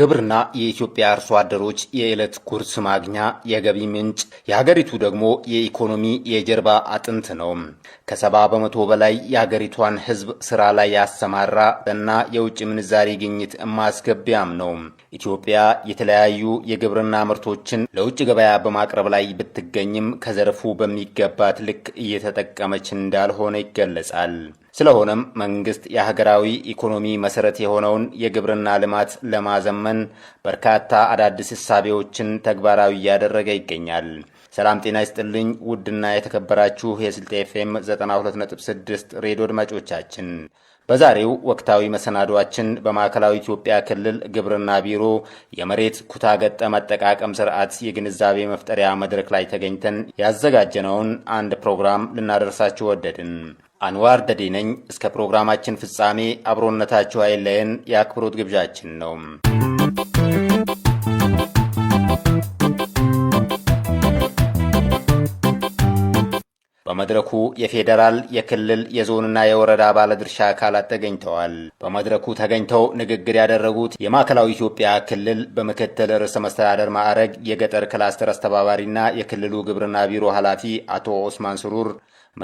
ግብርና የኢትዮጵያ አርሶ አደሮች የዕለት ጉርስ ማግኛ የገቢ ምንጭ፣ የሀገሪቱ ደግሞ የኢኮኖሚ የጀርባ አጥንት ነው። ከሰባ በመቶ በላይ የሀገሪቷን ሕዝብ ስራ ላይ ያሰማራ እና የውጭ ምንዛሪ ግኝት ማስገቢያም ነው። ኢትዮጵያ የተለያዩ የግብርና ምርቶችን ለውጭ ገበያ በማቅረብ ላይ ብትገኝም ከዘርፉ በሚገባት ልክ እየተጠቀመች እንዳልሆነ ይገለጻል። ስለሆነም መንግስት የሀገራዊ ኢኮኖሚ መሰረት የሆነውን የግብርና ልማት ለማዘመን በርካታ አዳዲስ እሳቤዎችን ተግባራዊ እያደረገ ይገኛል። ሰላም ጤና ይስጥልኝ። ውድና የተከበራችሁ የስልጤ ኤፍኤም 92.6 ሬዲዮ አድማጮቻችን በዛሬው ወቅታዊ መሰናዷችን በማዕከላዊ ኢትዮጵያ ክልል ግብርና ቢሮ የመሬት ኩታ ገጠም አጠቃቀም ስርዓት የግንዛቤ መፍጠሪያ መድረክ ላይ ተገኝተን ያዘጋጀነውን አንድ ፕሮግራም ልናደርሳችሁ ወደድን። አንዋር ደዴ ነኝ። እስከ ፕሮግራማችን ፍጻሜ አብሮነታችሁ አይለየን የአክብሮት ግብዣችን ነው። በመድረኩ የፌዴራል የክልል የዞንና የወረዳ ባለድርሻ አካላት ተገኝተዋል። በመድረኩ ተገኝተው ንግግር ያደረጉት የማዕከላዊ ኢትዮጵያ ክልል በምክትል ርዕሰ መስተዳደር ማዕረግ የገጠር ክላስተር አስተባባሪና የክልሉ ግብርና ቢሮ ኃላፊ አቶ ኦስማን ስሩር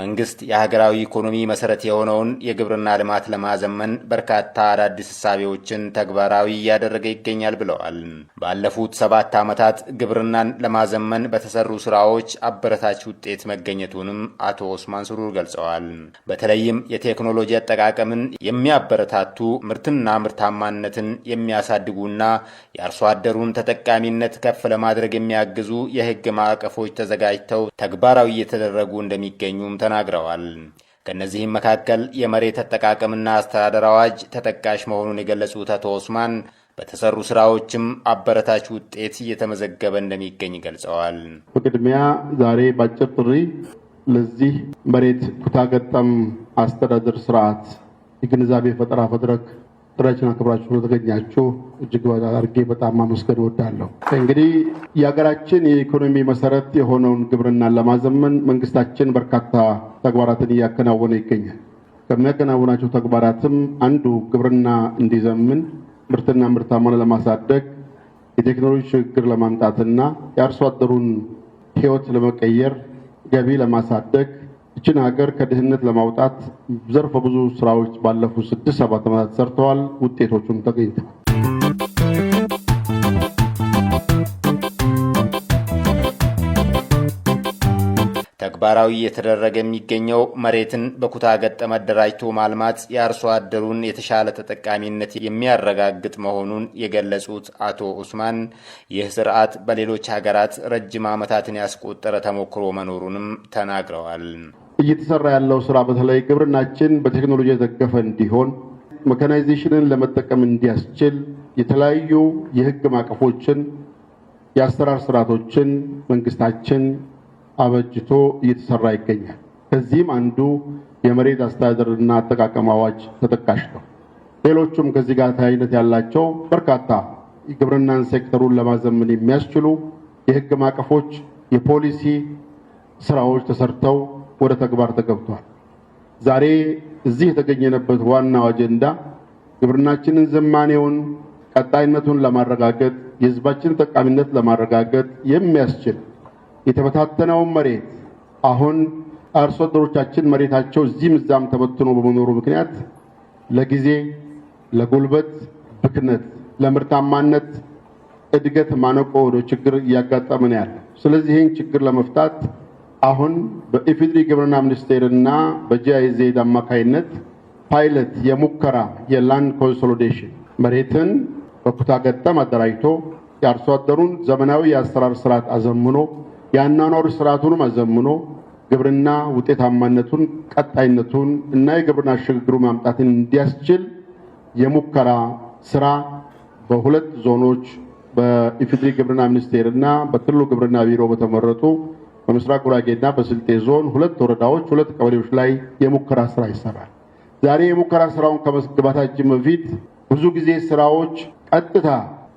መንግስት የሀገራዊ ኢኮኖሚ መሰረት የሆነውን የግብርና ልማት ለማዘመን በርካታ አዳዲስ እሳቤዎችን ተግባራዊ እያደረገ ይገኛል ብለዋል። ባለፉት ሰባት ዓመታት ግብርናን ለማዘመን በተሰሩ ስራዎች አበረታች ውጤት መገኘቱንም አቶ ኦስማን ስሩር ገልጸዋል። በተለይም የቴክኖሎጂ አጠቃቀምን የሚያበረታቱ ምርትና ምርታማነትን የሚያሳድጉና የአርሶ አደሩን ተጠቃሚነት ከፍ ለማድረግ የሚያግዙ የህግ ማዕቀፎች ተዘጋጅተው ተግባራዊ እየተደረጉ እንደሚገኙም ተናግረዋል። ከእነዚህም መካከል የመሬት አጠቃቀምና አስተዳደር አዋጅ ተጠቃሽ መሆኑን የገለጹት አቶ ኦስማን በተሰሩ ስራዎችም አበረታች ውጤት እየተመዘገበ እንደሚገኝ ገልጸዋል። በቅድሚያ ዛሬ በአጭር ጥሪ ለዚህ መሬት ኩታገጠም አስተዳደር ስርዓት የግንዛቤ ፈጠራ መድረክ ጥሪያችሁን አክብራችሁ ስለተገኛችሁ እጅግ አድርጌ በጣም አመስገን እወዳለሁ። እንግዲህ የሀገራችን የኢኮኖሚ መሰረት የሆነውን ግብርናን ለማዘመን መንግስታችን በርካታ ተግባራትን እያከናወነ ይገኛል። ከሚያከናውናቸው ተግባራትም አንዱ ግብርና እንዲዘምን ምርትና ምርታማን ለማሳደግ የቴክኖሎጂ ሽግግር ለማምጣትና የአርሶ አደሩን ህይወት ለመቀየር ገቢ ለማሳደግ እችን ሀገር ከድህነት ለማውጣት ዘርፈ ብዙ ስራዎች ባለፉት ስድስት ሰባት ዓመታት ሰርተዋል። ውጤቶቹም ተገኝተዋል። ተግባራዊ እየተደረገ የሚገኘው መሬትን በኩታ ገጠም አደራጅቶ ማልማት የአርሶ አደሩን የተሻለ ተጠቃሚነት የሚያረጋግጥ መሆኑን የገለጹት አቶ ኡስማን ይህ ስርዓት በሌሎች ሀገራት ረጅም ዓመታትን ያስቆጠረ ተሞክሮ መኖሩንም ተናግረዋል። እየተሰራ ያለው ስራ በተለይ ግብርናችን በቴክኖሎጂ የተደገፈ እንዲሆን መካናይዜሽንን ለመጠቀም እንዲያስችል የተለያዩ የህግ ማዕቀፎችን፣ የአሰራር ስርዓቶችን መንግስታችን አበጅቶ እየተሰራ ይገኛል። ከዚህም አንዱ የመሬት አስተዳደርና አጠቃቀም አዋጅ ተጠቃሽ ነው። ሌሎቹም ከዚህ ጋር ተያይነት ያላቸው በርካታ የግብርናን ሴክተሩን ለማዘመን የሚያስችሉ የህግ ማዕቀፎች፣ የፖሊሲ ስራዎች ተሰርተው ወደ ተግባር ተገብቷል። ዛሬ እዚህ የተገኘንበት ዋናው አጀንዳ ግብርናችንን ዘማኔውን ቀጣይነቱን ለማረጋገጥ የሕዝባችን ጠቃሚነት ለማረጋገጥ የሚያስችል የተበታተነውን መሬት አሁን አርሶ አደሮቻችን መሬታቸው እዚህም እዛም ተበትኖ በመኖሩ ምክንያት ለጊዜ፣ ለጉልበት ብክነት፣ ለምርታማነት እድገት ማነቆ ወደ ችግር እያጋጠመን ያለ። ስለዚህ ይህን ችግር ለመፍታት አሁን በኢፌዴሪ ግብርና ሚኒስቴርና በጂአይዜድ አማካይነት ፓይለት የሙከራ የላንድ ኮንሶሊዴሽን መሬትን በኩታ ገጠም አደራጅቶ የአርሶ አደሩን ዘመናዊ የአሰራር ስርዓት አዘምኖ የአኗኗር ስርዓቱንም አዘምኖ ግብርና ውጤታማነቱን፣ ቀጣይነቱን እና የግብርና ሽግግሩ ማምጣትን እንዲያስችል የሙከራ ስራ በሁለት ዞኖች በኢፌዴሪ ግብርና ሚኒስቴር እና በክልሉ ግብርና ቢሮ በተመረጡ በምስራቅ ጉራጌና በስልጤ ዞን ሁለት ወረዳዎች ሁለት ቀበሌዎች ላይ የሙከራ ስራ ይሰራል። ዛሬ የሙከራ ስራውን ከመግባታችን በፊት ብዙ ጊዜ ስራዎች ቀጥታ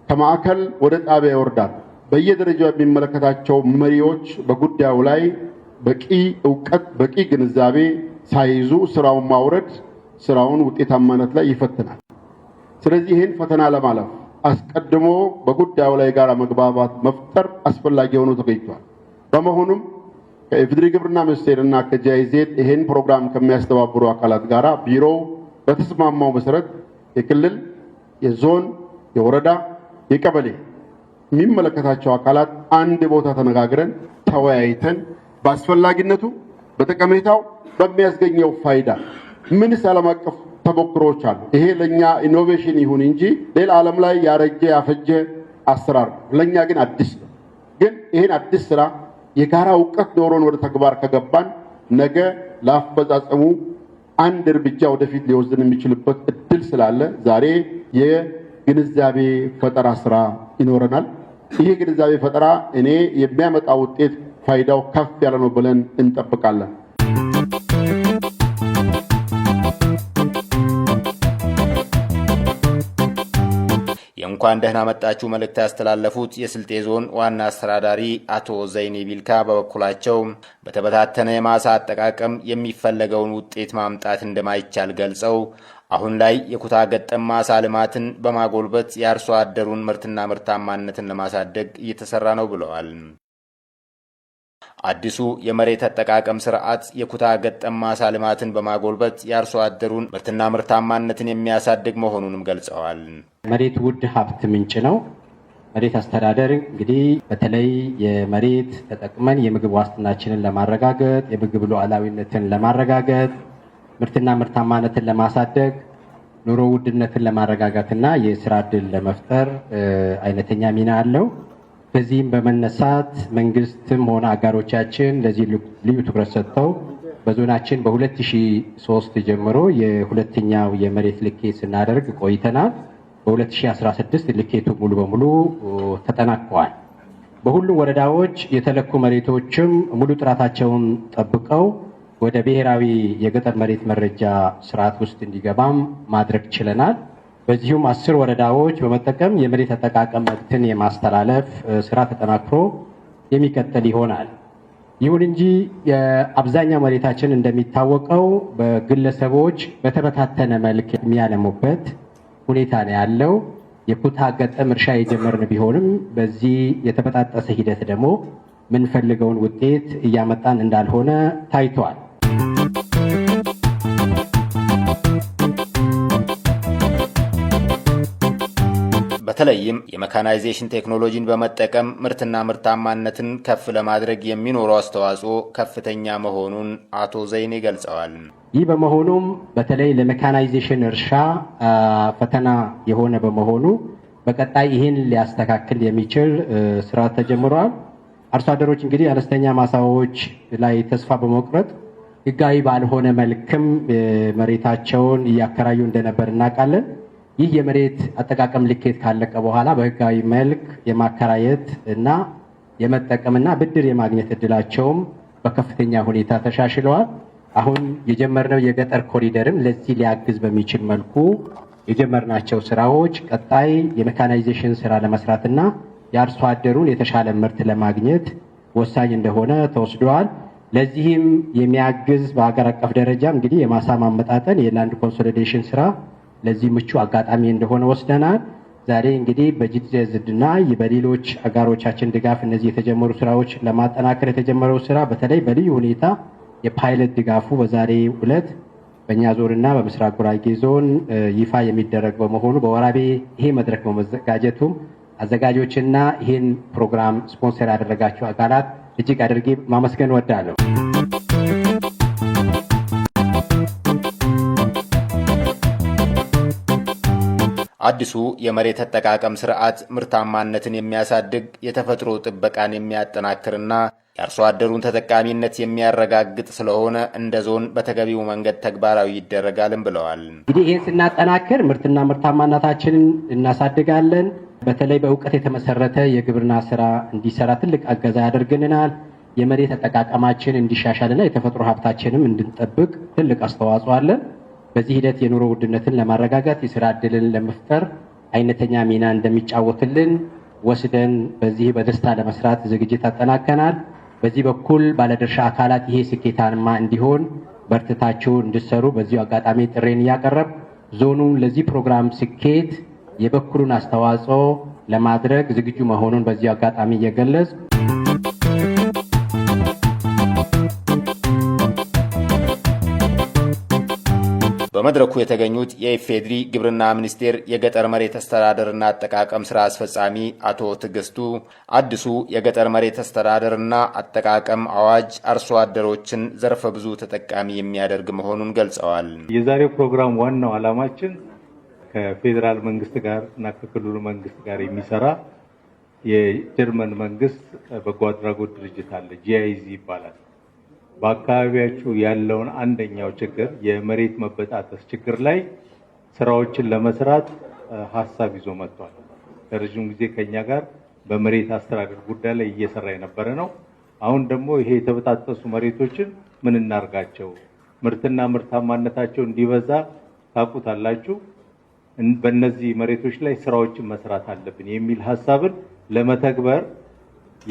ከማዕከል ወደ ጣቢያ ይወርዳል። በየደረጃው የሚመለከታቸው መሪዎች በጉዳዩ ላይ በቂ እውቀት፣ በቂ ግንዛቤ ሳይይዙ ስራውን ማውረድ ስራውን ውጤታማነት ላይ ይፈትናል። ስለዚህ ይህን ፈተና ለማለፍ አስቀድሞ በጉዳዩ ላይ የጋራ መግባባት መፍጠር አስፈላጊ ሆኖ ተገኝቷል። በመሆኑም ከኢፌዴሪ ግብርና ሚኒስቴር እና ከጂአይዜድ ይህን ፕሮግራም ከሚያስተባብሩ አካላት ጋር ቢሮው በተስማማው መሰረት የክልል፣ የዞን፣ የወረዳ፣ የቀበሌ የሚመለከታቸው አካላት አንድ ቦታ ተነጋግረን ተወያይተን በአስፈላጊነቱ፣ በጠቀሜታው፣ በሚያስገኘው ፋይዳ ምንስ ዓለም አቀፍ ተሞክሮዎች አሉ። ይሄ ለእኛ ኢኖቬሽን ይሁን እንጂ ሌላ ዓለም ላይ ያረጀ ያፈጀ አሰራር ነው። ለእኛ ግን አዲስ ነው። ግን ይህን አዲስ ስራ የጋራ እውቀት ኖሮን ወደ ተግባር ከገባን ነገ ለአፈጻጸሙ አንድ እርምጃ ወደፊት ሊወስድን የሚችልበት እድል ስላለ ዛሬ የግንዛቤ ፈጠራ ስራ ይኖረናል። ይህ ግንዛቤ ፈጠራ እኔ የሚያመጣ ውጤት ፋይዳው ከፍ ያለ ነው ብለን እንጠብቃለን። የእንኳን ደህና መጣችሁ መልእክት ያስተላለፉት የስልጤ ዞን ዋና አስተዳዳሪ አቶ ዘይኔ ቢልካ በበኩላቸው በተበታተነ የማሳ አጠቃቀም የሚፈለገውን ውጤት ማምጣት እንደማይቻል ገልጸው አሁን ላይ የኩታ ገጠም ማሳ ልማትን በማጎልበት የአርሶ አደሩን ምርትና ምርታማነትን ለማሳደግ እየተሰራ ነው ብለዋል። አዲሱ የመሬት አጠቃቀም ስርዓት የኩታ ገጠም ማሳ ልማትን በማጎልበት የአርሶ አደሩን ምርትና ምርታማነትን የሚያሳድግ መሆኑንም ገልጸዋል። መሬት ውድ ሀብት ምንጭ ነው። መሬት አስተዳደር እንግዲህ በተለይ የመሬት ተጠቅመን የምግብ ዋስትናችንን ለማረጋገጥ የምግብ ሉዓላዊነትን ለማረጋገጥ ምርትና ምርታማነትን ለማሳደግ ኑሮ ውድነትን ለማረጋጋትና የስራ እድል ለመፍጠር አይነተኛ ሚና አለው። ከዚህም በመነሳት መንግስትም ሆነ አጋሮቻችን ለዚህ ልዩ ትኩረት ሰጥተው በዞናችን በ2003 ጀምሮ የሁለተኛው የመሬት ልኬት ስናደርግ ቆይተናል። በ2016 ልኬቱ ሙሉ በሙሉ ተጠናቀዋል። በሁሉም ወረዳዎች የተለኩ መሬቶችም ሙሉ ጥራታቸውን ጠብቀው ወደ ብሔራዊ የገጠር መሬት መረጃ ስርዓት ውስጥ እንዲገባም ማድረግ ችለናል። በዚሁም አስር ወረዳዎች በመጠቀም የመሬት አጠቃቀም መብትን የማስተላለፍ ስራ ተጠናክሮ የሚቀጥል ይሆናል። ይሁን እንጂ የአብዛኛው መሬታችን እንደሚታወቀው በግለሰቦች በተበታተነ መልክ የሚያለሙበት ሁኔታ ነው ያለው። የኩታ ገጠም እርሻ የጀመርን ቢሆንም በዚህ የተበጣጠሰ ሂደት ደግሞ ምንፈልገውን ውጤት እያመጣን እንዳልሆነ ታይቷል። በተለይም የመካናይዜሽን ቴክኖሎጂን በመጠቀም ምርትና ምርታማነትን ከፍ ለማድረግ የሚኖረው አስተዋጽኦ ከፍተኛ መሆኑን አቶ ዘይኔ ገልጸዋል። ይህ በመሆኑም በተለይ ለመካናይዜሽን እርሻ ፈተና የሆነ በመሆኑ በቀጣይ ይህን ሊያስተካክል የሚችል ስራ ተጀምሯል። አርሶ አደሮች እንግዲህ አነስተኛ ማሳዎች ላይ ተስፋ በመቁረጥ ህጋዊ ባልሆነ መልክም መሬታቸውን እያከራዩ እንደነበር እናውቃለን። ይህ የመሬት አጠቃቀም ልኬት ካለቀ በኋላ በህጋዊ መልክ የማከራየት እና የመጠቀምና ብድር የማግኘት እድላቸውም በከፍተኛ ሁኔታ ተሻሽለዋል። አሁን የጀመርነው የገጠር ኮሪደርም ለዚህ ሊያግዝ በሚችል መልኩ የጀመርናቸው ስራዎች ቀጣይ የሜካናይዜሽን ስራ ለመስራትና የአርሶ አደሩን የተሻለ ምርት ለማግኘት ወሳኝ እንደሆነ ተወስደዋል። ለዚህም የሚያግዝ በሀገር አቀፍ ደረጃ እንግዲህ የማሳ ማመጣጠን የላንድ ኮንሶሊዴሽን ስራ ለዚህ ምቹ አጋጣሚ እንደሆነ ወስደናል። ዛሬ እንግዲህ በጂዲዘዝድና በሌሎች አጋሮቻችን ድጋፍ እነዚህ የተጀመሩ ስራዎች ለማጠናከር የተጀመረው ስራ በተለይ በልዩ ሁኔታ የፓይለት ድጋፉ በዛሬ ዕለት በእኛ ዞንና በምስራቅ ጉራጌ ዞን ይፋ የሚደረግ በመሆኑ በወራቤ ይሄ መድረክ በመዘጋጀቱም አዘጋጆችና ይህን ፕሮግራም ስፖንሰር ያደረጋቸው አካላት እጅግ አድርጌ ማመስገን ወዳለሁ። አዲሱ የመሬት አጠቃቀም ስርዓት ምርታማነትን የሚያሳድግ የተፈጥሮ ጥበቃን የሚያጠናክርና የአርሶ አደሩን ተጠቃሚነት የሚያረጋግጥ ስለሆነ እንደ ዞን በተገቢው መንገድ ተግባራዊ ይደረጋልም ብለዋል። እንግዲህ ይህን ስናጠናክር ምርትና ምርታማነታችንን እናሳድጋለን። በተለይ በእውቀት የተመሰረተ የግብርና ስራ እንዲሰራ ትልቅ አገዛ ያደርግልናል። የመሬት አጠቃቀማችን እንዲሻሻልና የተፈጥሮ ሀብታችንም እንድንጠብቅ ትልቅ አስተዋጽኦ አለን። በዚህ ሂደት የኑሮ ውድነትን ለማረጋጋት የስራ እድልን ለመፍጠር አይነተኛ ሚና እንደሚጫወትልን ወስደን በዚህ በደስታ ለመስራት ዝግጅት አጠናከናል። በዚህ በኩል ባለድርሻ አካላት ይሄ ስኬታማ እንዲሆን በርትታችሁ እንድሰሩ በዚሁ አጋጣሚ ጥሬን እያቀረብ ዞኑ ለዚህ ፕሮግራም ስኬት የበኩሉን አስተዋጽኦ ለማድረግ ዝግጁ መሆኑን በዚሁ አጋጣሚ እየገለጽ በመድረኩ የተገኙት የኢፌድሪ ግብርና ሚኒስቴር የገጠር መሬት አስተዳደርና አጠቃቀም ስራ አስፈጻሚ አቶ ትዕግስቱ አዲሱ የገጠር መሬት አስተዳደርና አጠቃቀም አዋጅ አርሶ አደሮችን ዘርፈ ብዙ ተጠቃሚ የሚያደርግ መሆኑን ገልጸዋል። የዛሬው ፕሮግራም ዋናው ዓላማችን ከፌዴራል መንግስት ጋር እና ከክልሉ መንግስት ጋር የሚሰራ የጀርመን መንግስት በጎ አድራጎት ድርጅት አለ፣ ጂአይዚ ይባላል በአካባቢያችሁ ያለውን አንደኛው ችግር የመሬት መበጣጠስ ችግር ላይ ስራዎችን ለመስራት ሀሳብ ይዞ መጥቷል። ለረዥም ጊዜ ከኛ ጋር በመሬት አስተዳደር ጉዳይ ላይ እየሰራ የነበረ ነው። አሁን ደግሞ ይሄ የተበጣጠሱ መሬቶችን ምን እናርጋቸው፣ ምርትና ምርታማነታቸው እንዲበዛ ታቁታላችሁ፣ በእነዚህ መሬቶች ላይ ስራዎችን መስራት አለብን የሚል ሀሳብን ለመተግበር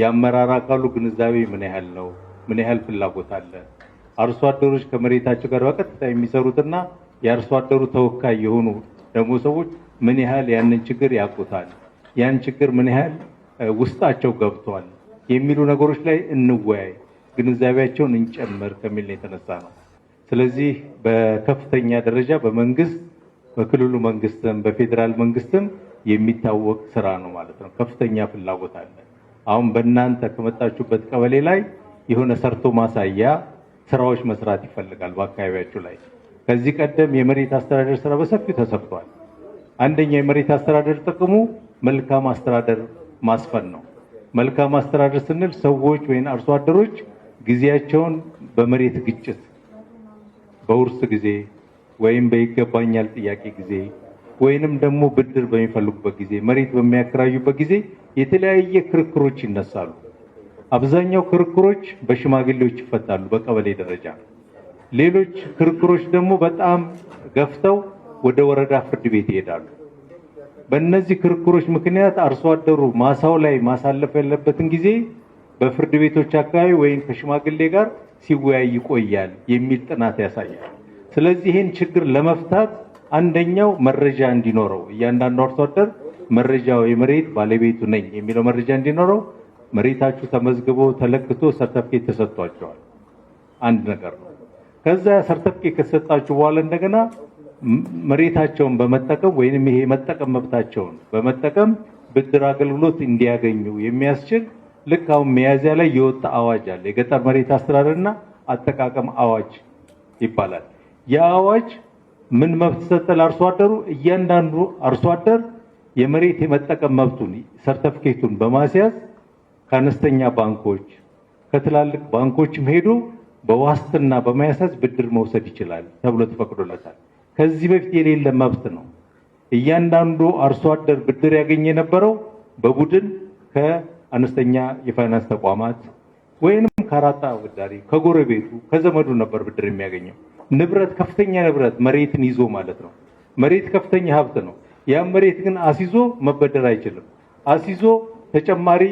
የአመራር አካሉ ግንዛቤ ምን ያህል ነው ምን ያህል ፍላጎት አለ? አርሶ አደሮች ከመሬታቸው ጋር በቀጥታ የሚሰሩትና የአርሶ አደሩ ተወካይ የሆኑ ደግሞ ሰዎች ምን ያህል ያንን ችግር ያውቁታል? ያን ችግር ምን ያህል ውስጣቸው ገብቷል? የሚሉ ነገሮች ላይ እንወያይ፣ ግንዛቤያቸውን እንጨምር ከሚል የተነሳ ነው። ስለዚህ በከፍተኛ ደረጃ በመንግስት በክልሉ መንግስትም በፌዴራል መንግስትም የሚታወቅ ስራ ነው ማለት ነው። ከፍተኛ ፍላጎት አለ። አሁን በእናንተ ከመጣችሁበት ቀበሌ ላይ የሆነ ሰርቶ ማሳያ ስራዎች መስራት ይፈልጋል በአካባቢያችሁ ላይ። ከዚህ ቀደም የመሬት አስተዳደር ስራ በሰፊው ተሰርቷል። አንደኛ የመሬት አስተዳደር ጥቅሙ መልካም አስተዳደር ማስፈን ነው። መልካም አስተዳደር ስንል ሰዎች ወይም አርሶ አደሮች ጊዜያቸውን በመሬት ግጭት፣ በውርስ ጊዜ ወይም በይገባኛል ጥያቄ ጊዜ ወይንም ደግሞ ብድር በሚፈልጉበት ጊዜ መሬት በሚያከራዩበት ጊዜ የተለያየ ክርክሮች ይነሳሉ። አብዛኛው ክርክሮች በሽማግሌዎች ይፈታሉ፣ በቀበሌ ደረጃ። ሌሎች ክርክሮች ደግሞ በጣም ገፍተው ወደ ወረዳ ፍርድ ቤት ይሄዳሉ። በእነዚህ ክርክሮች ምክንያት አርሶ አደሩ ማሳው ላይ ማሳለፍ ያለበትን ጊዜ በፍርድ ቤቶች አካባቢ ወይም ከሽማግሌ ጋር ሲወያይ ይቆያል የሚል ጥናት ያሳያል። ስለዚህ ይህን ችግር ለመፍታት አንደኛው መረጃ እንዲኖረው እያንዳንዱ አርሶ አደር መረጃው የመሬት ባለቤቱ ነኝ የሚለው መረጃ እንዲኖረው መሬታችሁ ተመዝግቦ ተለክቶ ሰርተፍኬት ተሰጥቷቸዋል። አንድ ነገር ነው። ከዛ ሰርተፍኬት ከተሰጣችሁ በኋላ እንደገና መሬታቸውን በመጠቀም ወይንም ይሄ የመጠቀም መብታቸውን በመጠቀም ብድር አገልግሎት እንዲያገኙ የሚያስችል ልክ አሁን ሚያዝያ ላይ የወጣ አዋጅ አለ። የገጠር መሬት አስተዳደርና አጠቃቀም አዋጅ ይባላል። ያ አዋጅ ምን መብት ሰጠ ለአርሶ አደሩ? እያንዳንዱ አርሶ አደር የመሬት የመጠቀም መብቱን ሰርተፍኬቱን በማስያዝ ከአነስተኛ ባንኮች ከትላልቅ ባንኮችም ሄዶ በዋስትና በመያሳዝ ብድር መውሰድ ይችላል ተብሎ ተፈቅዶለታል። ከዚህ በፊት የሌለ መብት ነው። እያንዳንዱ አርሶ አደር ብድር ያገኘ የነበረው በቡድን ከአነስተኛ የፋይናንስ ተቋማት ወይንም ከአራጣ አበዳሪ፣ ከጎረቤቱ፣ ከዘመዱ ነበር ብድር የሚያገኘው። ንብረት ከፍተኛ ንብረት መሬትን ይዞ ማለት ነው። መሬት ከፍተኛ ሀብት ነው። ያ መሬት ግን አስይዞ መበደር አይችልም። አስይዞ ተጨማሪ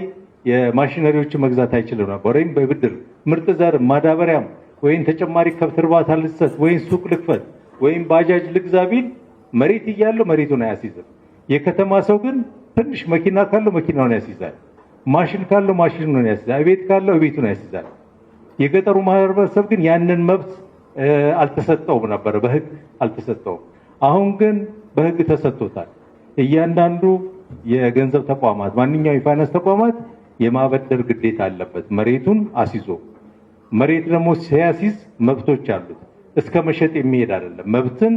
የማሽነሪዎችን መግዛት አይችልም ነበር፣ ወይም በብድር ምርጥ ዘር ማዳበሪያም፣ ወይም ተጨማሪ ከብት እርባታ ልሰት፣ ወይም ሱቅ ልክፈት፣ ወይም ባጃጅ ልግዛ ቢል መሬት እያለው መሬቱን አያስይዝም። የከተማ ሰው ግን ትንሽ መኪና ካለው መኪናውን ያስይዛል፣ ማሽን ካለው ማሽኑን ያስይዛል፣ ቤት ካለው ቤቱን ያስይዛል። የገጠሩ ማህበረሰብ ግን ያንን መብት አልተሰጠውም ነበረ፣ በህግ አልተሰጠውም። አሁን ግን በህግ ተሰጥቶታል። እያንዳንዱ የገንዘብ ተቋማት ማንኛውም የፋይናንስ ተቋማት የማበደር ግዴታ አለበት መሬቱን አስይዞ። መሬት ደግሞ ሲያሲዝ መብቶች አሉት። እስከ መሸጥ የሚሄድ አይደለም። መብትን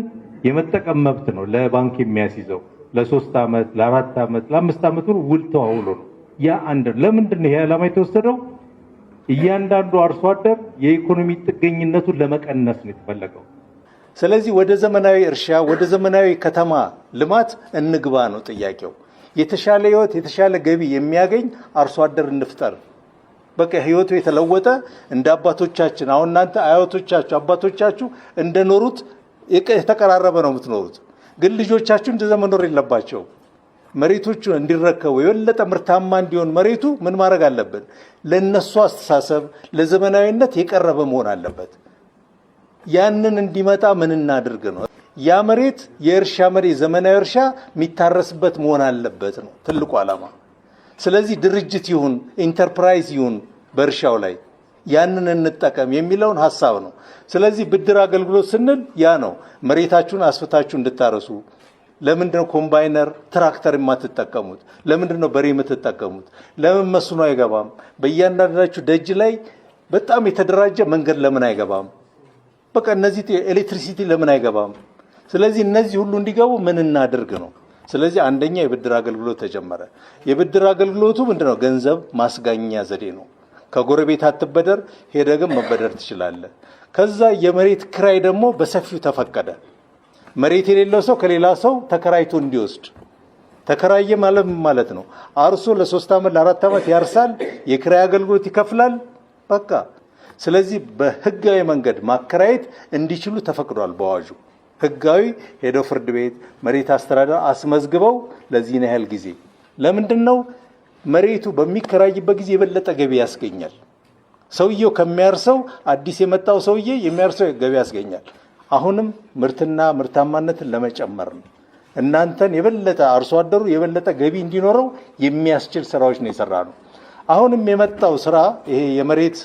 የመጠቀም መብት ነው ለባንክ የሚያስይዘው ለሶስት ዓመት ለአራት ዓመት ለአምስት ዓመት ብር ውል ተዋውሎ ነው። ያ አንድ ለምንድን ነው ይሄ ዓላማ የተወሰደው? እያንዳንዱ አርሶ አደር የኢኮኖሚ ጥገኝነቱን ለመቀነስ ነው የተፈለገው። ስለዚህ ወደ ዘመናዊ እርሻ ወደ ዘመናዊ ከተማ ልማት እንግባ ነው ጥያቄው። የተሻለ ህይወት የተሻለ ገቢ የሚያገኝ አርሶ አደር እንፍጠር። በቃ ህይወቱ የተለወጠ እንደ አባቶቻችን አሁን እናንተ አያቶቻችሁ አባቶቻችሁ እንደኖሩት የተቀራረበ ነው የምትኖሩት። ግን ልጆቻችሁ እንደዛ መኖር የለባቸው። መሬቶቹ እንዲረከቡ የበለጠ ምርታማ እንዲሆን መሬቱ ምን ማድረግ አለብን? ለእነሱ አስተሳሰብ ለዘመናዊነት የቀረበ መሆን አለበት። ያንን እንዲመጣ ምን እናድርግ ነው ያ መሬት የእርሻ መሬት ዘመናዊ እርሻ የሚታረስበት መሆን አለበት ነው ትልቁ ዓላማ። ስለዚህ ድርጅት ይሁን ኢንተርፕራይዝ ይሁን በእርሻው ላይ ያንን እንጠቀም የሚለውን ሀሳብ ነው። ስለዚህ ብድር አገልግሎት ስንል ያ ነው። መሬታችሁን አስፍታችሁ እንድታረሱ ለምንድነው ኮምባይነር ትራክተር የማትጠቀሙት? ለምንድነው በሬ የምትጠቀሙት? ለምን መስኖ አይገባም? በእያንዳንዳችሁ ደጅ ላይ በጣም የተደራጀ መንገድ ለምን አይገባም? በቃ እነዚህ ኤሌክትሪሲቲ ለምን አይገባም? ስለዚህ እነዚህ ሁሉ እንዲገቡ ምን እናድርግ ነው። ስለዚህ አንደኛ የብድር አገልግሎት ተጀመረ። የብድር አገልግሎቱ ምንድነው ገንዘብ ማስጋኛ ዘዴ ነው። ከጎረቤት አትበደር፣ ሄደ ግን መበደር ትችላለህ። ከዛ የመሬት ክራይ ደግሞ በሰፊው ተፈቀደ። መሬት የሌለው ሰው ከሌላ ሰው ተከራይቶ እንዲወስድ ተከራየ ማለት ማለት ነው። አርሶ ለሶስት ዓመት ለአራት ዓመት ያርሳል፣ የክራይ አገልግሎት ይከፍላል። በቃ ስለዚህ በህጋዊ መንገድ ማከራየት እንዲችሉ ተፈቅዷል በአዋጁ። ህጋዊ ሄደው ፍርድ ቤት መሬት አስተዳደር አስመዝግበው ለዚህን ያህል ጊዜ ለምንድን ነው መሬቱ በሚከራይበት ጊዜ የበለጠ ገቢ ያስገኛል። ሰውየው ከሚያርሰው አዲስ የመጣው ሰውዬ የሚያርሰው ገቢ ያስገኛል። አሁንም ምርትና ምርታማነትን ለመጨመር ነው። እናንተን የበለጠ አርሶ አደሩ የበለጠ ገቢ እንዲኖረው የሚያስችል ስራዎች ነው የሰራ ነው። አሁንም የመጣው ስራ ይሄ የመሬት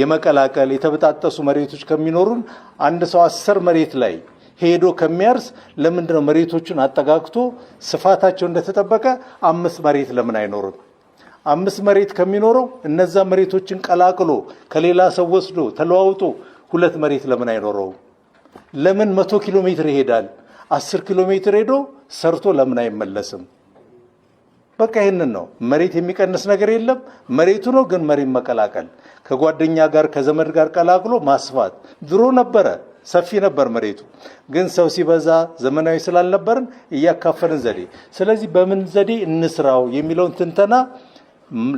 የመቀላቀል የተበጣጠሱ መሬቶች ከሚኖሩን አንድ ሰው አስር መሬት ላይ ሄዶ ከሚያርስ ለምንድነው መሬቶቹን አጠጋግቶ ስፋታቸው እንደተጠበቀ አምስት መሬት ለምን አይኖርም? አምስት መሬት ከሚኖረው እነዛ መሬቶችን ቀላቅሎ ከሌላ ሰው ወስዶ ተለዋውጦ ሁለት መሬት ለምን አይኖረውም? ለምን መቶ ኪሎ ሜትር ይሄዳል? አስር ኪሎ ሜትር ሄዶ ሰርቶ ለምን አይመለስም? በቃ ይህንን ነው። መሬት የሚቀንስ ነገር የለም። መሬቱ ነው ግን መሬት መቀላቀል ከጓደኛ ጋር ከዘመድ ጋር ቀላቅሎ ማስፋት ድሮ ነበረ። ሰፊ ነበር መሬቱ፣ ግን ሰው ሲበዛ ዘመናዊ ስላልነበርን እያካፈልን ዘዴ ስለዚህ በምን ዘዴ እንስራው የሚለውን ትንተና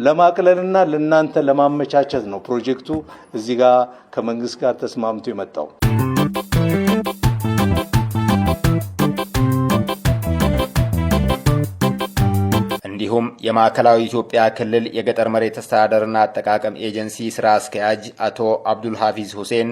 ለማቅለልና ለእናንተ ለማመቻቸት ነው ፕሮጀክቱ እዚህ ጋር ከመንግስት ጋር ተስማምቶ የመጣው። እንዲሁም የማዕከላዊ ኢትዮጵያ ክልል የገጠር መሬት አስተዳደርና አጠቃቀም ኤጀንሲ ስራ አስኪያጅ አቶ አብዱል ሐፊዝ ሁሴን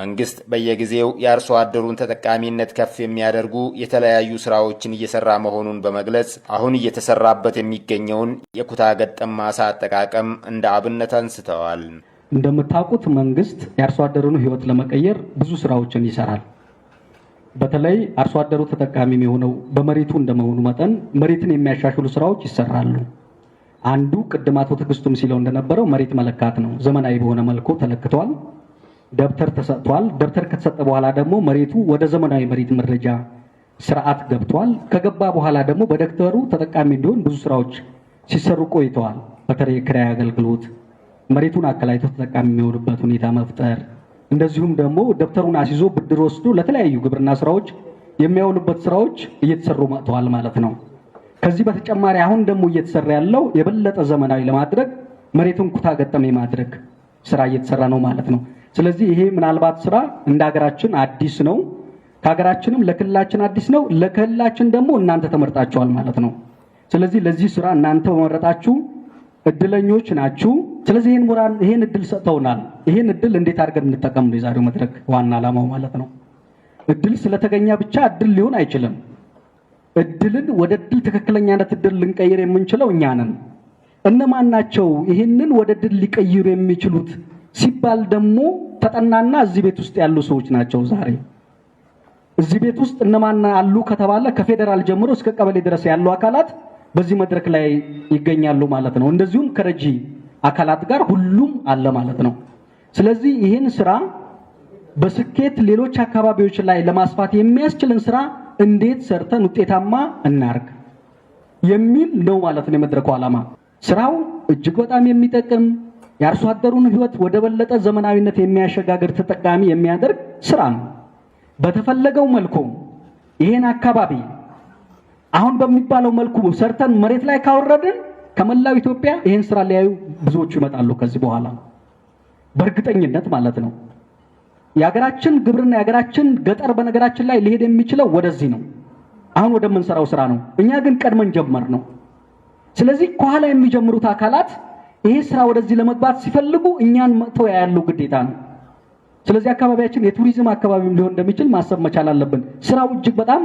መንግስት በየጊዜው የአርሶ አደሩን ተጠቃሚነት ከፍ የሚያደርጉ የተለያዩ ስራዎችን እየሰራ መሆኑን በመግለጽ አሁን እየተሰራበት የሚገኘውን የኩታ ገጠም ማሳ አጠቃቀም እንደ አብነት አንስተዋል። እንደምታውቁት መንግስት የአርሶ አደሩን ህይወት ለመቀየር ብዙ ስራዎችን ይሰራል። በተለይ አርሶ አደሩ ተጠቃሚ የሆነው በመሬቱ እንደመሆኑ መጠን መሬትን የሚያሻሽሉ ስራዎች ይሰራሉ። አንዱ ቅድም አቶ ትዕግስቱም ሲለው እንደነበረው መሬት መለካት ነው። ዘመናዊ በሆነ መልኩ ተለክቷል። ደብተር ተሰጥቷል። ደብተር ከተሰጠ በኋላ ደግሞ መሬቱ ወደ ዘመናዊ መሬት መረጃ ስርዓት ገብቷል። ከገባ በኋላ ደግሞ በደብተሩ ተጠቃሚ እንዲሆን ብዙ ስራዎች ሲሰሩ ቆይተዋል። በተለይ የክራይ አገልግሎት መሬቱን አከላይቶ ተጠቃሚ የሚሆንበት ሁኔታ መፍጠር፣ እንደዚሁም ደግሞ ደብተሩን አስይዞ ብድር ወስዶ ለተለያዩ ግብርና ስራዎች የሚያውሉበት ስራዎች እየተሰሩ መጥተዋል ማለት ነው። ከዚህ በተጨማሪ አሁን ደግሞ እየተሰራ ያለው የበለጠ ዘመናዊ ለማድረግ መሬቱን ኩታ ገጠመ ማድረግ ስራ እየተሰራ ነው ማለት ነው። ስለዚህ ይሄ ምናልባት ስራ እንደ ሀገራችን አዲስ ነው፣ ከሀገራችንም ለክልላችን አዲስ ነው። ለክልላችን ደግሞ እናንተ ተመርጣችኋል ማለት ነው። ስለዚህ ለዚህ ስራ እናንተ በመረጣችሁ እድለኞች ናችሁ። ስለዚህ ይህን ሙራን ይህን እድል ሰጥተውናል። ይህን እድል እንዴት አድርገን እንጠቀም ነው የዛሬው መድረክ ዋና ዓላማው ማለት ነው። እድል ስለተገኘ ብቻ እድል ሊሆን አይችልም። እድልን ወደ እድል ትክክለኛነት እድል ልንቀይር የምንችለው እኛ ነን። እነማን ናቸው ይህንን ወደ እድል ሊቀይሩ የሚችሉት? ሲባል ደግሞ ተጠናና እዚህ ቤት ውስጥ ያሉ ሰዎች ናቸው። ዛሬ እዚህ ቤት ውስጥ እነማን አሉ ከተባለ ከፌዴራል ጀምሮ እስከ ቀበሌ ድረስ ያሉ አካላት በዚህ መድረክ ላይ ይገኛሉ ማለት ነው። እንደዚሁም ከረጂ አካላት ጋር ሁሉም አለ ማለት ነው። ስለዚህ ይህን ስራ በስኬት ሌሎች አካባቢዎች ላይ ለማስፋት የሚያስችልን ስራ እንዴት ሰርተን ውጤታማ እናርግ የሚል ነው ማለት ነው የመድረኩ ዓላማ። ስራው እጅግ በጣም የሚጠቅም የአርሶ አደሩን ህይወት ወደ በለጠ ዘመናዊነት የሚያሸጋግር ተጠቃሚ የሚያደርግ ስራ ነው። በተፈለገው መልኩ ይሄን አካባቢ አሁን በሚባለው መልኩ ሰርተን መሬት ላይ ካወረድን ከመላው ኢትዮጵያ ይሄን ስራ ሊያዩ ብዙዎቹ ይመጣሉ። ከዚህ በኋላ በእርግጠኝነት ማለት ነው። የሀገራችን ግብርና የሀገራችን ገጠር በነገራችን ላይ ሊሄድ የሚችለው ወደዚህ ነው። አሁን ወደምንሰራው ስራ ነው። እኛ ግን ቀድመን ጀመር ነው። ስለዚህ ከኋላ የሚጀምሩት አካላት ይህ ስራ ወደዚህ ለመግባት ሲፈልጉ እኛን መተው ያለው ግዴታ ነው። ስለዚህ አካባቢያችን የቱሪዝም አካባቢም ሊሆን እንደሚችል ማሰብ መቻል አለብን። ስራው እጅግ በጣም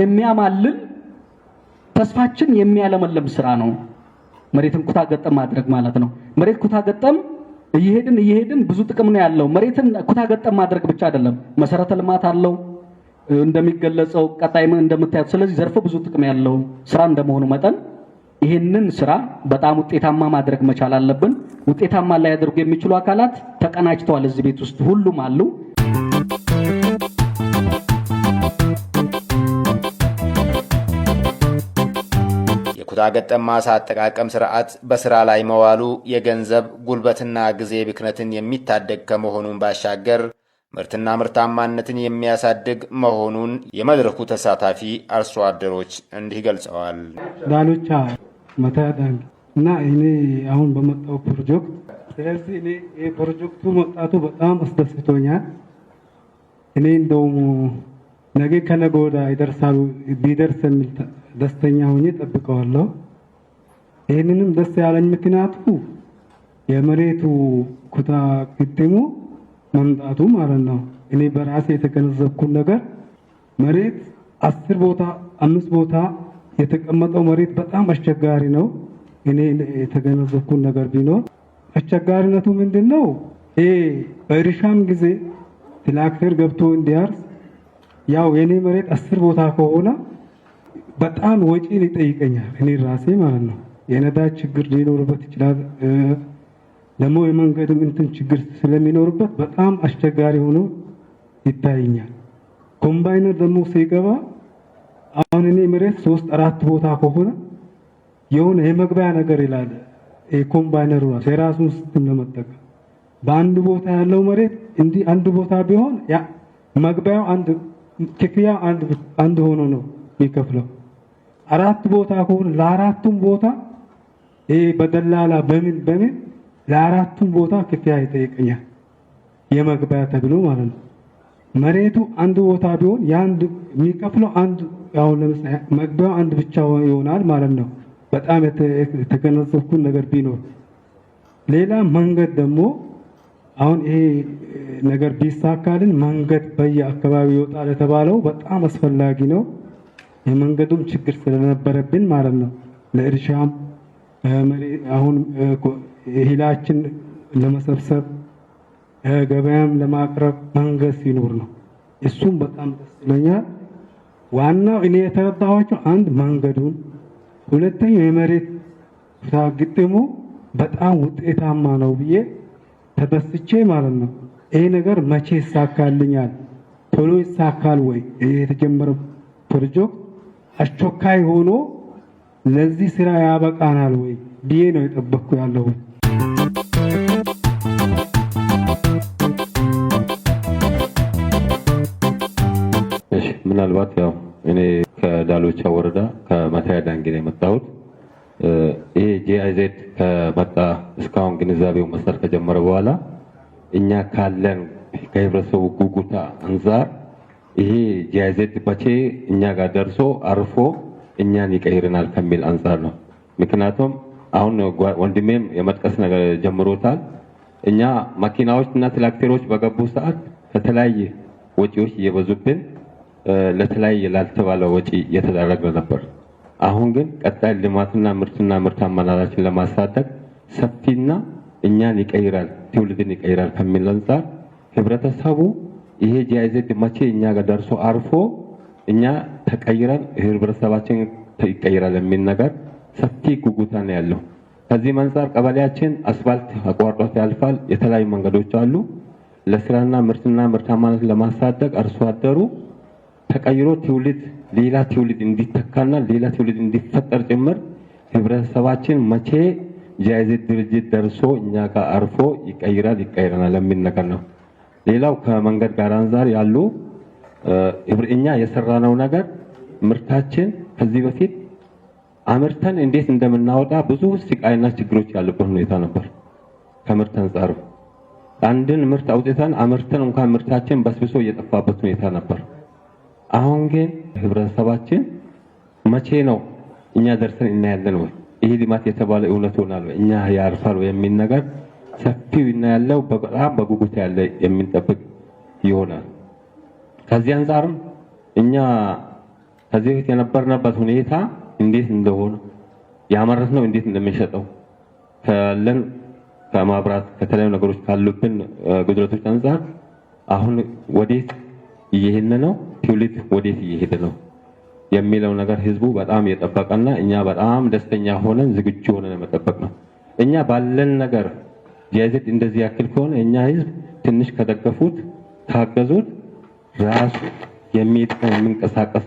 የሚያማልል ተስፋችን የሚያለመለም ስራ ነው። መሬትን ኩታ ገጠም ማድረግ ማለት ነው። መሬት ኩታ ገጠም እየሄድን እየሄድን ብዙ ጥቅም ነው ያለው። መሬትን ኩታ ገጠም ማድረግ ብቻ አይደለም፣ መሰረተ ልማት አለው እንደሚገለጸው ቀጣይ እንደምታዩት። ስለዚህ ዘርፈ ብዙ ጥቅም ያለው ስራ እንደመሆኑ መጠን ይህንን ስራ በጣም ውጤታማ ማድረግ መቻል አለብን። ውጤታማ ሊያደርጉ የሚችሉ አካላት ተቀናጅተዋል። እዚህ ቤት ውስጥ ሁሉም አሉ። የኩታ ገጠም ማሳ አጠቃቀም ስርዓት በስራ ላይ መዋሉ የገንዘብ ጉልበትና ጊዜ ብክነትን የሚታደግ ከመሆኑን ባሻገር ምርትና ምርታማነትን የሚያሳድግ መሆኑን የመድረኩ ተሳታፊ አርሶ አደሮች እንዲህ ገልጸዋል። ዳሎቻ መታዳን እና እኔ አሁን በመጣው ፕሮጀክት ስለዚህ እኔ የፕሮጀክቱ መምጣቱ በጣም አስደስቶኛል። እኔ እንደውም ነገ ከነገ ወዲያ ይደርሳሉ ቢደርስ የሚል ደስተኛ ሆኜ ጠብቀዋለሁ። ይህንንም ደስ ያለኝ ምክንያቱ የመሬቱ ኩታ ግጥሙ መምጣቱ ማለት ነው። እኔ በራሴ የተገነዘብኩን ነገር መሬት አስር ቦታ አምስት ቦታ የተቀመጠው መሬት በጣም አስቸጋሪ ነው። እኔ የተገነዘብኩን ነገር ቢኖር አስቸጋሪነቱ ምንድን ነው? ይሄ በእርሻም ጊዜ ትላክተር ገብቶ እንዲያርስ ያው የኔ መሬት አስር ቦታ ከሆነ በጣም ወጪ ይጠይቀኛል። እኔ ራሴ ማለት ነው። የነዳጅ ችግር ሊኖርበት ይችላል። ደግሞ የመንገድ እንትን ችግር ስለሚኖርበት በጣም አስቸጋሪ ሆኖ ይታየኛል። ኮምባይነር ደግሞ ሲገባ አሁን እኔ መሬት ሶስት አራት ቦታ ከሆነ የሆነ የመግቢያ ነገር ይላል። የኮምባይነሩ የራሱን ሲስተም ለመጠቀም በአንድ ቦታ ያለው መሬት እንዲህ አንድ ቦታ ቢሆን ያ መግቢያው አንድ ክፍያ አንድ አንድ ሆኖ ነው የሚከፍለው። አራት ቦታ ከሆነ ለአራቱም ቦታ ይሄ በደላላ በምን በምን ለአራቱም ቦታ ክፍያ ይጠይቀኛል የመግቢያ ተብሎ ማለት ነው። መሬቱ አንድ ቦታ ቢሆን የአንድ የሚከፍለው አንድ አሁን ለምሳሌ መግቢያው አንድ ብቻ ይሆናል ማለት ነው። በጣም የተገነዘብኩን ነገር ቢኖር ሌላ መንገድ ደግሞ አሁን ይሄ ነገር ቢሳካልን መንገድ በየአካባቢው ይወጣል የተባለው በጣም አስፈላጊ ነው። የመንገዱም ችግር ስለነበረብን ማለት ነው ለእርሻም አሁን እህላችን ለመሰብሰብ ገበያም ለማቅረብ መንገድ ሲኖር ነው። እሱም በጣም ደስ ይለኛል። ዋናው እኔ የተረዳኋቸው አንድ መንገዱን፣ ሁለተኛው የመሬት ግጥሙ በጣም ውጤታማ ነው ብዬ ተደስቼ ማለት ነው። ይሄ ነገር መቼ ይሳካልኛል? ቶሎ ይሳካል ወይ? ይሄ የተጀመረ ፕሮጀክት አስቸኳይ ሆኖ ለዚህ ስራ ያበቃናል ወይ ብዬ ነው የጠበቅኩ ያለሁት። ምናልባት ያው እኔ ከዳሎቻ ወረዳ ከመታያ ዳንጌ ነው የመጣሁት። ይሄ ጂአይዜድ ከመጣ እስካሁን ግንዛቤው መሰር ከጀመረ በኋላ እኛ ካለን ከህብረተሰቡ ጉጉታ አንጻር ይሄ ጂአይዜድ መቼ እኛ ጋር ደርሶ አርፎ እኛን ይቀይርናል ከሚል አንጻር ነው። ምክንያቱም አሁን ወንድሜም የመጥቀስ ነገር ጀምሮታል። እኛ መኪናዎች እና ትራክተሮች በገቡ ሰዓት ከተለያየ ወጪዎች እየበዙብን ለተለያየ ላልተባለ ወጪ እየተዳረገ ነበር። አሁን ግን ቀጣይ ልማትና ምርትና ምርታማነታችንን ለማሳደግ ሰፊና እኛን ይቀይራል ትውልድን ይቀይራል ከሚል አንጻር ህብረተሰቡ ይሄ ጂአይዜድ መቼ እኛ ጋር ደርሶ አርፎ እኛ ተቀይረን ህብረተሰባችን ይቀይራል የሚል ነገር ሰፊ ጉጉታ ነው ያለው። ከዚህ አንጻር ቀበሌያችን አስፋልት አቋርጦት ያልፋል። የተለያዩ መንገዶች አሉ። ለስራና ምርትና ምርታማነት ለማሳደግ አርሶ አደሩ ተቀይሮ ትውልድ ሌላ ትውልድ እንዲተካና ሌላ ትውልድ እንዲፈጠር ጭምር ህብረተሰባችን መቼ ጃይዜት ድርጅት ደርሶ እኛ ጋር አርፎ ይቀይራል ይቀይረናል ለሚል ነገር ነው። ሌላው ከመንገድ ጋር አንጻር ያሉ እኛ የሰራነው ነገር ምርታችን ከዚህ በፊት አምርተን እንዴት እንደምናወጣ ብዙ ስቃይና ችግሮች ያሉበት ሁኔታ ነበር። ከምርት አንጻሩ አንድን ምርት አውጥተን አምርተን እንኳን ምርታችን በስብሶ እየጠፋበት ሁኔታ ነበር። አሁን ግን ህብረተሰባችን መቼ ነው እኛ ደርሰን እናያለን ወይ ይሄ ልማት የተባለ እውነት ሆናል ወይ እኛ ያርፋል ወይ የሚል ነገር ሰፊው እና ያለው በጣም በጉጉት ያለ የምንጠብቅ ይሆናል። ከዚህ አንጻርም እኛ ከዚህ በፊት የነበርንበት ሁኔታ እንዴት እንደሆነ ያመረት ነው እንዴት እንደምንሸጠው ካለን ከማብራት ከተለያዩ ነገሮች ካሉብን ጉድለቶች አንጻር አሁን ወዴት እየሄድን ነው፣ ትውልድ ወዴት እየሄደ ነው የሚለው ነገር ህዝቡ በጣም የጠበቀና እኛ በጣም ደስተኛ ሆነን ዝግጁ ሆነን መጠበቅ ነው። እኛ ባለን ነገር ጂአይዜድ እንደዚህ ያክል ከሆነ እኛ ህዝብ ትንሽ ከደገፉት ካገዙት ራሱ የሚንቀሳቀስ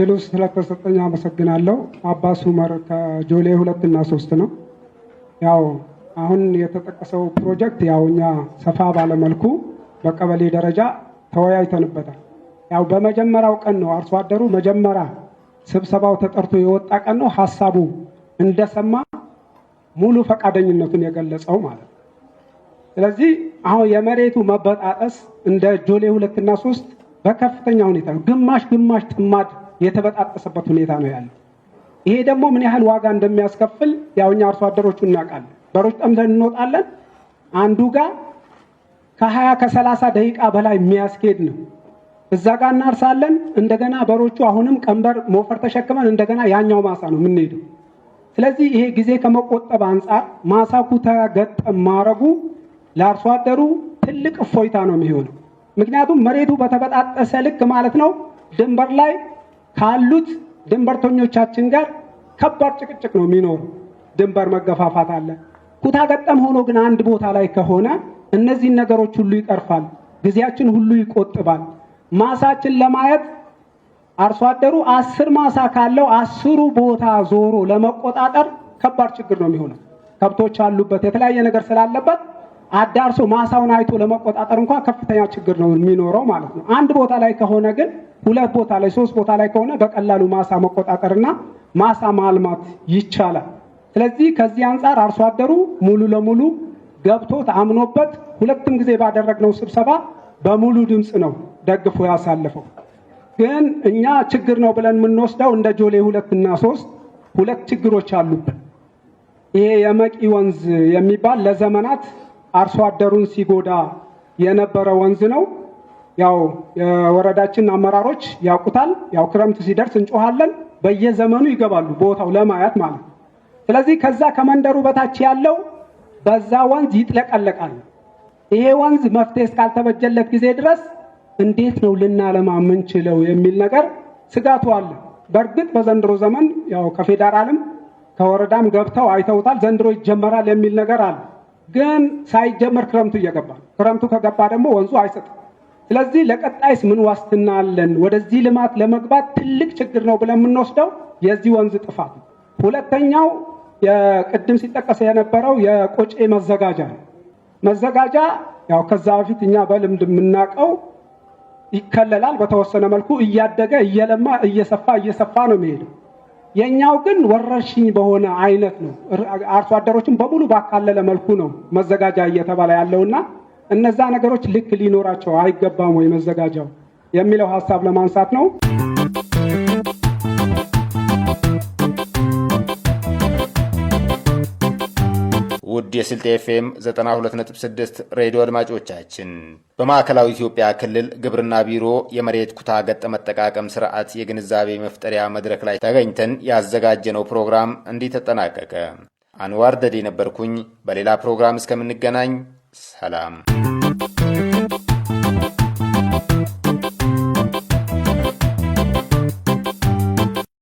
እድሉን ስለተሰጠኝ አመሰግናለሁ። አባሱ መር ከጆሌ ሁለት እና ሶስት ነው። ያው አሁን የተጠቀሰው ፕሮጀክት ያው እኛ ሰፋ ባለመልኩ በቀበሌ ደረጃ ተወያይተንበታል። ያው በመጀመሪያው ቀን ነው አርሶ አደሩ መጀመሪያ ስብሰባው ተጠርቶ የወጣ ቀን ነው ሀሳቡ እንደሰማ ሙሉ ፈቃደኝነቱን የገለጸው ማለት ነው። ስለዚህ አሁን የመሬቱ መበጣጠስ እንደ ጆሌ ሁለትና ሶስት በከፍተኛ ሁኔታ ነው። ግማሽ ግማሽ ጥማድ የተበጣጠሰበት ሁኔታ ነው ያለው። ይሄ ደግሞ ምን ያህል ዋጋ እንደሚያስከፍል ያው እኛ አርሶ አደሮቹ እናውቃለን። በሮች ጠምተን እንወጣለን። አንዱ ጋር ከሀያ ከሰላሳ ደቂቃ በላይ የሚያስኬድ ነው። እዛ ጋር እናርሳለን። እንደገና በሮቹ አሁንም ቀንበር ሞፈር ተሸክመን እንደገና ያኛው ማሳ ነው የምንሄደው። ስለዚህ ይሄ ጊዜ ከመቆጠብ አንጻር ማሳ ኩታ ማረጉ ለአርሶ አደሩ ትልቅ እፎይታ ነው የሚሆነው። ምክንያቱም መሬቱ በተበጣጠሰ ልክ ማለት ነው ድንበር ላይ ካሉት ድንበርተኞቻችን ጋር ከባድ ጭቅጭቅ ነው የሚኖሩ። ድንበር መገፋፋት አለ። ኩታ ገጠም ሆኖ ግን አንድ ቦታ ላይ ከሆነ እነዚህን ነገሮች ሁሉ ይቀርፋል። ጊዜያችን ሁሉ ይቆጥባል። ማሳችን ለማየት አርሶ አደሩ አስር ማሳ ካለው አስሩ ቦታ ዞሮ ለመቆጣጠር ከባድ ችግር ነው የሚሆነው። ከብቶች አሉበት የተለያየ ነገር ስላለበት አዳርሶ ማሳውን አይቶ ለመቆጣጠር እንኳን ከፍተኛ ችግር ነው የሚኖረው ማለት ነው። አንድ ቦታ ላይ ከሆነ ግን ሁለት ቦታ ላይ ሶስት ቦታ ላይ ከሆነ በቀላሉ ማሳ መቆጣጠርና ማሳ ማልማት ይቻላል። ስለዚህ ከዚህ አንጻር አርሶ አደሩ ሙሉ ለሙሉ ገብቶ ተአምኖበት ሁለትም ጊዜ ባደረግነው ስብሰባ በሙሉ ድምፅ ነው ደግፎ ያሳለፈው። ግን እኛ ችግር ነው ብለን የምንወስደው እንደ ጆሌ ሁለት እና ሶስት ሁለት ችግሮች አሉብን። ይሄ የመቂ ወንዝ የሚባል ለዘመናት አርሶ አደሩን ሲጎዳ የነበረ ወንዝ ነው። ያው የወረዳችን አመራሮች ያውቁታል። ያው ክረምት ሲደርስ እንጮኋለን፣ በየዘመኑ ይገባሉ ቦታው ለማየት ማለት ነው። ስለዚህ ከዛ ከመንደሩ በታች ያለው በዛ ወንዝ ይጥለቀለቃል። ይሄ ወንዝ መፍትሄ እስካልተበጀለት ጊዜ ድረስ እንዴት ነው ልናለማ የምንችለው የሚል ነገር ስጋቱ አለ። በእርግጥ በዘንድሮ ዘመን ያው ከፌዴራልም ከወረዳም ገብተው አይተውታል። ዘንድሮ ይጀመራል የሚል ነገር አለ። ግን ሳይጀመር ክረምቱ እየገባ ክረምቱ ከገባ ደግሞ ወንዙ አይሰጥም። ስለዚህ ለቀጣይስ ምን ዋስትና አለን? ወደዚህ ልማት ለመግባት ትልቅ ችግር ነው ብለን የምንወስደው የዚህ ወንዝ ጥፋት ነው። ሁለተኛው የቅድም ሲጠቀስ የነበረው የቆጬ መዘጋጃ ነው። መዘጋጃ ያው ከዛ በፊት እኛ በልምድ የምናውቀው ይከለላል በተወሰነ መልኩ እያደገ እየለማ እየሰፋ እየሰፋ ነው የሚሄደው። የኛው ግን ወረርሽኝ በሆነ አይነት ነው። አርሶ አደሮችን በሙሉ ባካለለ መልኩ ነው መዘጋጃ እየተባለ ያለውና እነዛ ነገሮች ልክ ሊኖራቸው አይገባም ወይ መዘጋጃው የሚለው ሀሳብ ለማንሳት ነው። ውድ የስልጤ ኤፍኤም 92.6 ሬዲዮ አድማጮቻችን በማዕከላዊ ኢትዮጵያ ክልል ግብርና ቢሮ የመሬት ኩታ ገጠ መጠቃቀም ስርዓት የግንዛቤ መፍጠሪያ መድረክ ላይ ተገኝተን ያዘጋጀነው ፕሮግራም እንዲህ ተጠናቀቀ። አንዋር ደዴ ነበርኩኝ። በሌላ ፕሮግራም እስከምንገናኝ ሰላም